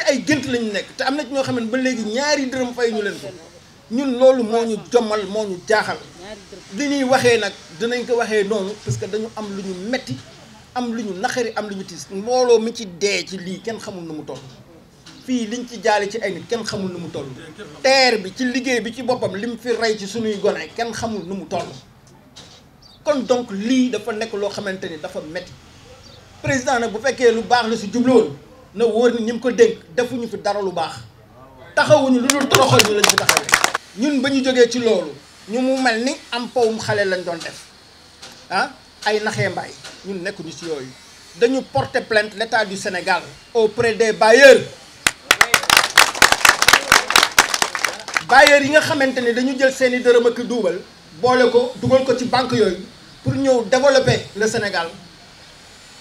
ci ay gént lañu nekk te am na ci ñoo xam ne ba léegi ñaari dërëm fay ñu leen ko ñun loolu moo ñu jommal moo ñu jaaxal li ñuy waxee nag dinañ ko waxee noonu parce que dañu am lu ñu metti am lu ñu naqari am lu ñu tiis mbooloo mi ci dee ci lii kenn xamul nu mu toll fii liñ ci jaale ci ay nit kenn xamul nu mu toll teer bi ci liggéey bi ci boppam li mu fi rey ci suñuy gone kenn xamul nu mu toll kon donc lii dafa nekk loo xamante ni dafa metti président nag bu fekkee lu baax la si jubloon Nous ne ni ñim ko des defuñu fi dara lu baax taxawuñu lu dul nous ñu lañ Nous taxaw ñun ba joggé ci loolu ñu mu melni am pawum xalé lañ doon def ah ay mbaay ñun porter plainte l'État du Sénégal auprès des bailleurs bailleurs yi nga xamanteni dañu jël ko ko banque pour développer le Sénégal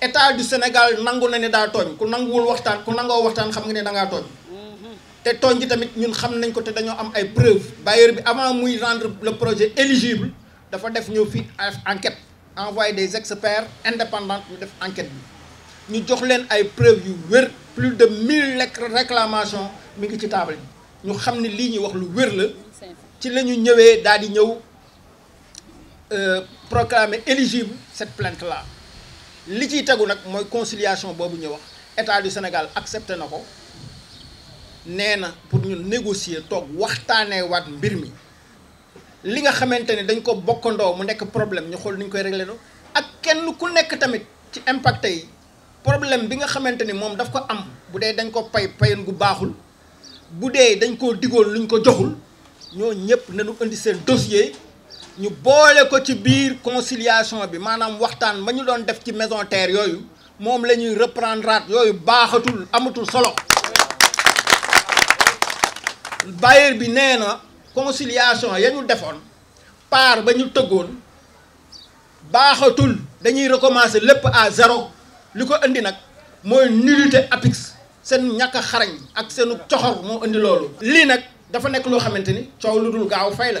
état du Sénégal nangu na ni da togn ku nanguwul waxtan ku nango waxtan xam nga ni da nga togn té tooñ ji tamit ñun xam nañ ko té dañu am ay preuve bailleur bi avant muy rendre le projet éligible dafa def ñeu fii enquête envoyer des experts indépendants ñu def enquête bi ñu jox leen ay preuves yu wër plus de 1000 lettres réclamations mi ngi ci table ñu xam ni li ñi wax lu wër la ci lañu ñëwé daal di ñëw euh proclamer éligible cette plainte là li ciy tegu nag mooy conciliation boobu ñu wax état du Sénégal accepté na ko pour ñu négocier tok waxtane wat mbir mi li nga xamante dañ ko bokkandoo mu nek problème ñu xol ni ñu koy régler do ak kenn ku nek tamit ci impacté yi problème bi nga xamante mom daf ko am budé dañ ko pay payoon gu baxul budé dañ ko digol luñ ko joxul ñoo ñep nañu indi sen dossier ñu boole ko ci biir conciliation bi maanaam waxtaan ba ñu doon def ci maison terre yooyu moom lañuy ñuy yooyu baaxatul amatul solo bailleur bi nee na conciliation ya ñu defoon part ba ñu tëggoon baaxatul dañuy recommencer lépp à zéro li ko indi nag mooy nullité APIX seen ñàkk xarañ ak seenu coxor moo indi loolu. lii nag dafa nekk loo xamante ni coow lu dul gaaw fay la.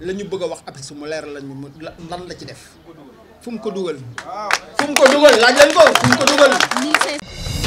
la ñu bëgg a wax après suma mu leer lañu mu lan la ci def fu mu ko dugal fu ko dugal laaj leen ko fu mu ko dugal